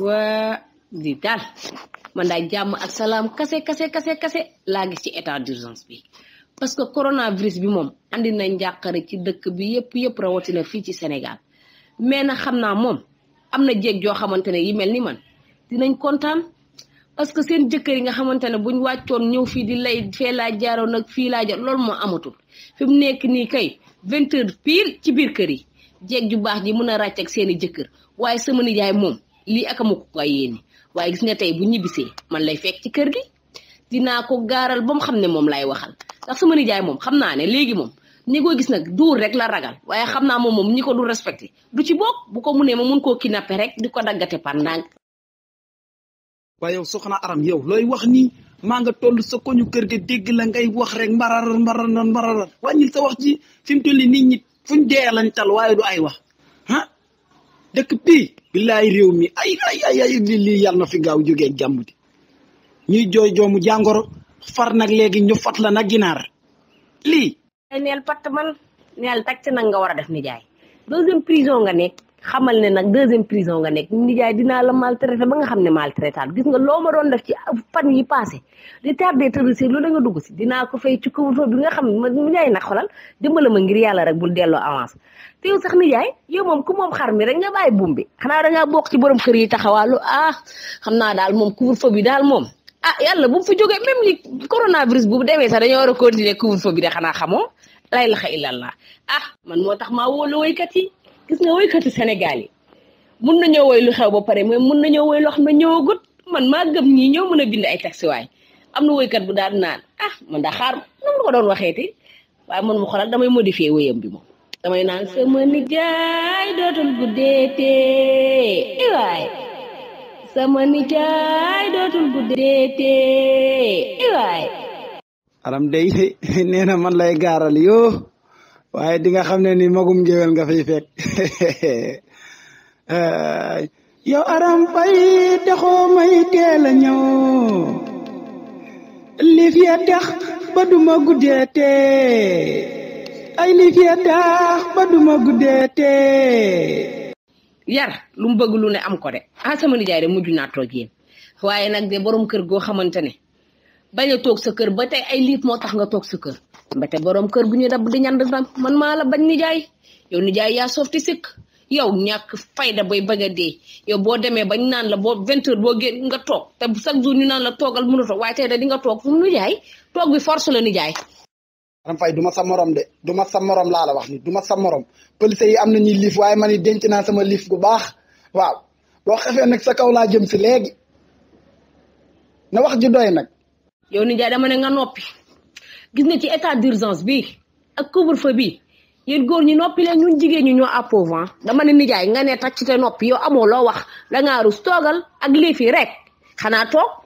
waa di daal man jàmm ak salaam kase kase kase kase laa gis ci état d'urgence bi parce que coronavirus bi moom andi na njàqare ci dëkk bi yëpp yëpp rawatina fii ci Sénégal mais na xam naa moom am na jéeg joo xamante ne yi mel ni man dinañ kontaan parce que seen jëkkër yi nga xamante ne buñ wàccoon ñëw fii di lay fee laa jaaroon ak fii laa jaar loolu moo amatul fi mu nekk nii kay vingt heures pile ci biir kër yi jéeg ju baax ji mën a ràcc ak seen i jëkkër waaye sama nijaay moom lii ak ma ko yéene waaye gis nga tey bu ñibbisee man lay fekk ci kër gi dinaa ko gaaral ba xam ne moom lay waxal ndax sama nijaay moom xam naa ne léegi moom ñi ko gis nag duur rek la ragal waaye xam naa moom moom ñi ko du respecte du ci bokk bu ko munee ma mun koo kidnappé rek di ko daggate pendant. waaye yow soxna Aram yow looy wax nii maa nga toll sa koñu kër gi dégg la ngay wax rek mbararar mbararar mbararar wàññil sa wax ji fi mu toll nit ñi fuñ dee lañ tal waaye du ay wax. dëkk bii billaay réew mi ay ay ay ay li lii yàlla na fi gaaw jógee jàmm di ñuy jooy joomu jàngoro far nag léegi ñu fat la nag ginaar lii neel patt man neel tàcc nag nga war a def nijaay deuxième prison nga nekk xamal ne nag deuxième prison nga nekk nijaay dinaa la maltraité ba nga xam ne maltraitable gis nga loo doon def ci fan yi passé di tardé tërësi dugg si dinaa ko fay ci couvre-feu bi nga xam ne nag xolal dimbala ma ngir yàlla rek bul delloo avance te yow sax nijaay yow moom xar mi rek nga bàyyi buum bi xanaa dangaa bokk ci borom kër yi taxawaalu ah xam naa daal moom couvre-feu bi daal moom ah yalla bu mu fi jógee même li coronavirus bu demee sax dañoo war a continuer couvre-feu bi de xanaa xamoo lay laxa illallah ah man moo tax maa wóolu woykat yi gis nga woykatu Sénégal yi mun nañoo woy lu xew ba pare mais mun na ñëw loo xam ne ñëwagut man maa gëm ñii ñoo mën a bind ay taxiwaay am na woykat bu daan naan ah man daa xaar noonu la ko doon waxeeti waaye man mu xoolal damay modifier woyam bi moom naan sama nijaay dootul guddeetee i eh waay sama nijaay dootul guddeetee i eh waay aram day nee na man lay gaaral yoo waaye di nga xam ne ni magum ngéwél nga fiy fekk yow aram fay taxoo may teel a ñëw lif ya ba duma guddee yar lu mu bëgg lu ne am ko de ah sama nijaay de mujj naa toog waaye nag de borom kër goo xamante ne bañ a toog sa kër ba tey ay liif moo tax nga toog sa kër ba te borom kër gu ñu dab di ñand tam man maa la bañ nijaay yow nijaay yaa softi sikk yow ñàkk fayda bay bëgg a dee yow boo demee bañ naan la boo vingt boo génn nga toog te chaque jour ñu naan la toogal mënu toog waaye tey da di nga toog fu mu nijaay toog bi force la nijaay Arame Faye du ma sa morom de du ma sa morom laa la wax ni du ma sa morom police yi am na ñuy liif waaye man ni denc naa sama liif bu baax waaw boo nag sa kaw laa jëm si léegi na wax ji doy nijaay dama ne nga noppi gis na ci état d'urgence bi ak couvre-feu bi yéen góor ñi noppi leen ñun jigéen ñi ñoo appauvant ah. dama ne nijaay nga ne tàcc te noppi yow amoo loo wax dangaa toogal ak lii fii rek xanaa toog